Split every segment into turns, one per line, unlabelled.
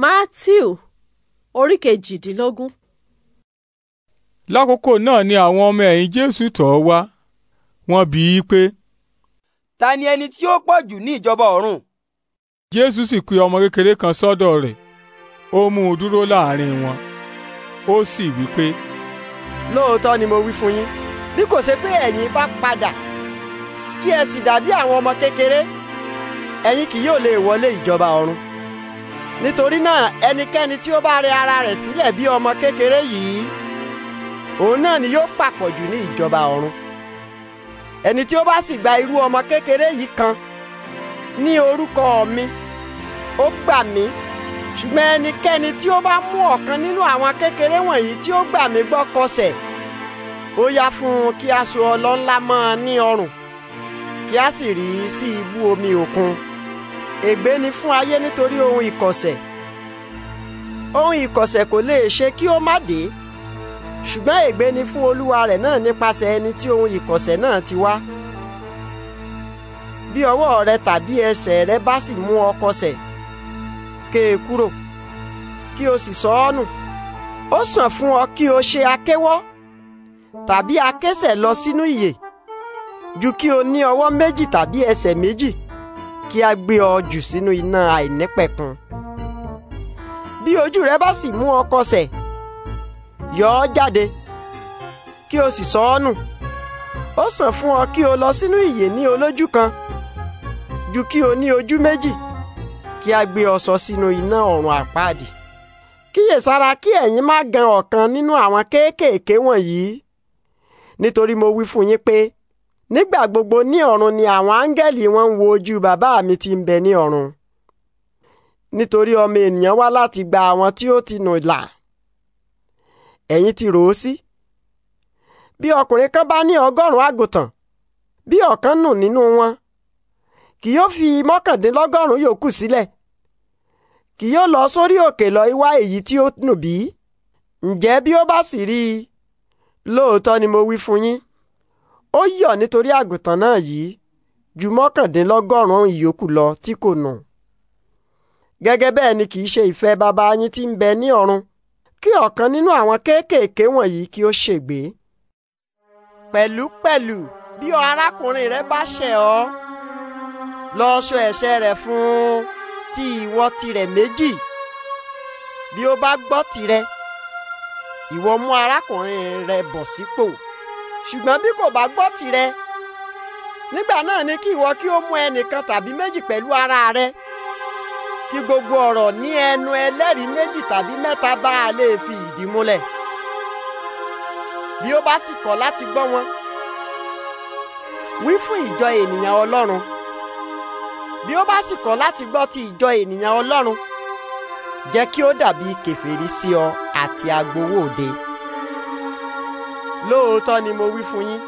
Mátíù orí kejìdínlógún. lákòókò náà ni àwọn ọmọ ẹ̀yìn Jésù tọ̀ ọ́ wá wọ́n bi í pé. ta ni ẹni tí ó pọ̀ jù ní ìjọba ọ̀run? Jésù sì pe ọmọ kékeré kan sọ́dọ̀ rẹ̀ ó mú un dúró láàrin wọn ó sì wí pé. lóòótọ́ ni mo wí fún yín bí kò ṣe pé ẹ̀yin bá padà kí ẹ sì dàbí àwọn ọmọ kékeré ẹ̀yin kì yóò lè wọlé ìjọba ọ̀run nítorí náà ẹnikẹ́ni tí ó bá rẹ ara rẹ̀ sílẹ̀ bí ọmọ kékeré yìí òun náà ni yóò pàpọ̀jù ní ìjọba ọ̀run ẹni tí ó bá sì gba irú ọmọ kékeré yìí kan ní orúkọ mi ó gbà mí ṣùgbọ́n ẹnikẹ́ni tí ó bá mú ọ̀kan nínú àwọn kékeré wọ̀nyí tí ó gbà mí gbọ́ kọsẹ̀ ó yá fún un kí aṣọ ọlọ́ńlá mọ́ ọ ní ọrùn kí a sì rí sí ibú omi òkun ègbé ni fún ayé nítorí ohun ìkọ̀sẹ̀ ohun ìkọ̀sẹ̀ kò lè ṣe kí ó má dé ṣùgbọ́n ègbé ni fún olúwa rẹ̀ náà nípasẹ̀ ẹni tí ohun ìkọ̀sẹ̀ náà ti wá bí ọwọ́ rẹ tàbí ẹsẹ̀ rẹ bá sì mú ọ kọsẹ̀ ké e kúrò kí o sì sọ ọ́ nù ó sàn fún ọ kí o ṣe akéwọ́ tàbí akésẹ̀ lọ sínú ìyè ju kí o ní ọwọ́ méjì tàbí ẹsẹ̀ méjì kí a gbé ọ jù sínú iná àìnípẹ̀kun bí ojú rẹ bá sì mú ọ kọsẹ̀ yọ ọ jáde kí o sì sọ ọ nù ó sàn fún ọ kí o lọ sínú ìyè ní olójú kan ju kí o ní ojú méjì kí a gbé ọ sọ sínú iná ọ̀run àpáàdì kíyèsára kí ẹ̀yin má gan ọ̀kan nínú àwọn kéékèèké wọ̀nyí nítorí mo wí fún yín pé nígbà gbogbo ní ọ̀run ni àwọn áńgẹ́lì wọn ń wo ojú bàbá mi tí ń bẹ ní ọ̀run nítorí ọmọ ènìyàn wá láti gba àwọn tí ó ti nù là ẹ̀yin ti rò ó sí bí ọkùnrin kan bá ní ọgọ́rùn-ún àgùntàn bí ọ̀kan nù nínú wọn kì yóò fi mọ́kàndínlọ́gọ́rùn-ún yòókù sílẹ̀ kì yóò lọ sórí òkè lọ wá èyí tí ó nù bí ǹjẹ́ bí ó bá sì rí i lóòótọ́ ni mo wí fún yín ó yọ̀ nítorí àgùntàn náà yìí ju mọ́kàndínlọ́gọ́rùn-ún ìyókù lọ tí kò nù. gẹ́gẹ́ bẹ́ẹ̀ ni kì í ṣe ìfẹ́ bàbá yín tí ń bẹ ní ọ̀run kí ọ̀kan nínú àwọn kéékèèké wọ̀nyí kí ó ṣègbé. pẹ̀lúpẹ̀lú bí arákùnrin rẹ bá ṣẹ̀ ọ́ lọ sọ ẹ̀ṣẹ̀ rẹ̀ fún un ti ìwọ tirẹ̀ méjì bí ó bá gbọ́ tirẹ̀ ìwọ mú arákùnrin rẹ bọ̀ sípò. Si ṣùgbọ́n bí kò bá gbọ́ tìrẹ nígbà náà ni kí ìwọ kí ó mú ẹnìkan tàbí méjì pẹ̀lú ara rẹ kí gbogbo ọ̀rọ̀ ní ẹnu ẹlẹ́rìí méjì tàbí mẹ́ta bá a lè fi ìdí múlẹ̀ bí ó bá sì kọ̀ láti gbọ́ wọn wí fún ìjọ ènìyàn Ọlọ́run bí ó bá sì kọ̀ láti gbọ́ ti ìjọ ènìyàn Ọlọ́run jẹ́ kí ó dàbí kèfèrí sí ọ àti agbowó òde lóòótọ́ ni mo wí fún yín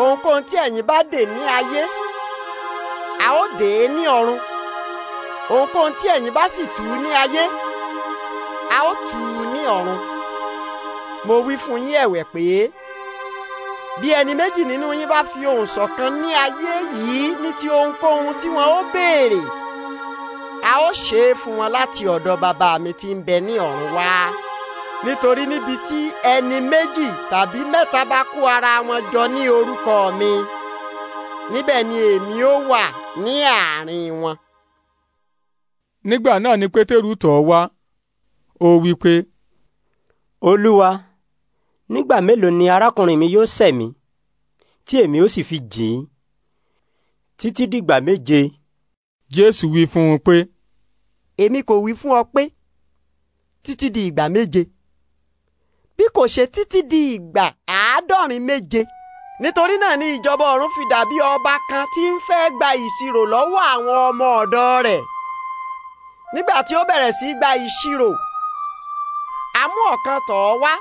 ohunkóhun tí ẹ̀yin bá dè ní ayé a ó dè é ní ọ̀run ohunkóhun tí ẹ̀yin bá sì tù ní ayé a ó tù ú ní ọ̀run mo wí fún yín ẹ̀wẹ̀ pé bí ẹni méjì nínú yín bá fi ohùn ṣọ̀kan ní ayé yìí ní ti ohunkóhun tí wọn ó béèrè a ó ṣe é fún wọn láti ọ̀dọ̀ bàbá mi tí ń bẹ ní ọ̀run wá nítorí níbi tí ẹni méjì tàbí mẹ́ta bá kó ara wọn jọ ní orúkọ mi níbẹ̀ ni èmi ó wà ní àárín wọn. nígbà náà ni pétérù tọ̀ ọ́ wá ó wí pé. olúwa nígbà mélòó ni arákùnrin mi yóò ṣẹ̀ mí tí èmi ó sì fi jìn ín títí dìgbà méje. jésù wí fún un pé. èmi kò wí fún ọ pé títí di ìgbà méje bí kò ṣe títí di ìgbà àádọ́rin méje nítorí náà ni ìjọba ọ̀run fi dàbí ọba kan tí ń fẹ́ gba ìṣirò lọ́wọ́ àwọn ọmọ ọ̀dọ̀ rẹ̀ nígbà tí ó bẹ̀rẹ̀ sí gba ìṣirò amú ọ̀kan tọ̀ ọ́ wá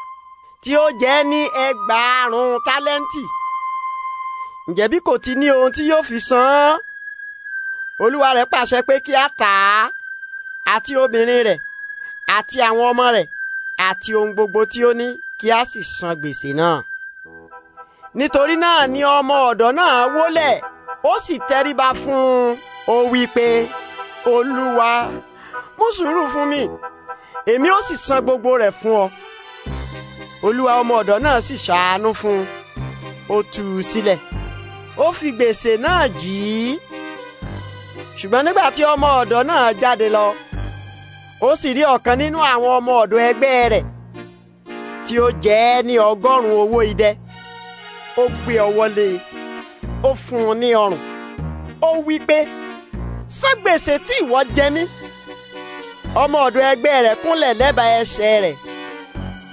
tí ó jẹ́ ní ẹgbàárún tálẹ́ǹtì ǹjẹ́ bí kò ti ní ohun tí yóò fi san án olúwa rẹ̀ pàṣẹ pé kí a tà á àti obìnrin rẹ̀ àti àwọn ọmọ rẹ̀ àti ohun gbogbo tí ó ní kí a sì san gbèsè náà. nítorí náà ni ọmọ ọ̀dọ̀ náà wólẹ̀ ó sì tẹríba fún un ó wí pé olúwa mú sùúrù fún mi èmi ó sì san gbogbo rẹ̀ fún ọ olúwa ọmọ ọ̀dọ̀ náà sì ṣàánú fún un ó tú u sílẹ̀ ó fi gbèsè náà jì í ṣùgbọ́n nígbà tí ọmọ ọ̀dọ̀ náà jáde lọ ó sì rí ọ̀kan nínú àwọn ọmọ ọ̀dọ̀ ẹgbẹ́ rẹ̀ tí ó jẹ ẹ́ ní ọgọ́rùn-ún owó idẹ ó gbé ọwọ́ lé e ó fún un ní ọrùn ó wí pé ságbèsè tí ìwọ jẹ mí ọmọ ọ̀dọ̀ ẹgbẹ́ rẹ̀ kúnlẹ̀ lẹ́bàá ẹsẹ̀ rẹ̀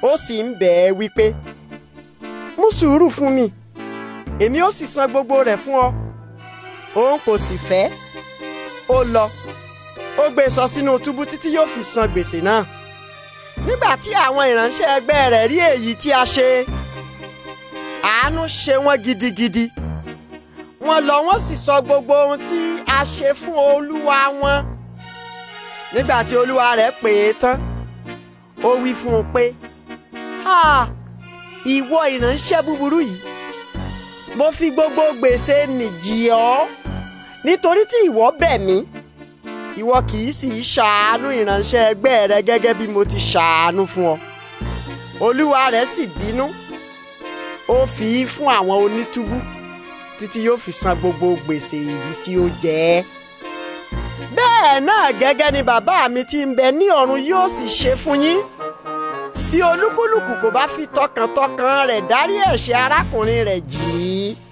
ó sì ń bẹ̀ ẹ́ wípé mú sùúrù fún mi èmi ó sì san gbogbo rẹ̀ fún ọ òun kò sì fẹ́ ó lọ ó gbé e sọ sínú túbú títí yóò fi san gbèsè náà nígbà tí àwọn ìránṣẹ́ ẹgbẹ́ rẹ̀ rí èyí tí a ṣe àánú ṣe wọ́n gidigidi wọ́n lọ wọ́n sì sọ gbogbo ohun tí a ṣe fún olúwa wọn nígbà tí olúwa rẹ̀ pè é tán ó wí fún un pé ah ìwọ ìránṣẹ́ búburú yìí mo fi gbogbo gbèsè nìjì ọ́ nítorí tí ìwọ bẹ̀ mí ìwọ kì í sì í ṣàánú ìránṣẹ́ ẹgbẹ́ rẹ gẹ́gẹ́ bí mo ti ṣàánú fún ọ. olúwa rẹ̀ sì bínú ó fi í fún àwọn onítúbú títí yóò fi san gbogbo gbèsè èyí tí ó jẹ bẹ́ẹ̀ náà gẹ́gẹ́ ni bàbá mi tí ń bẹ ní ọ̀run yóò sì ṣe fún yín bí olúkúlùkù kò bá fi tọkàntọkàn rẹ̀ dárí ẹ̀ṣẹ̀ arákùnrin rẹ̀ jì í.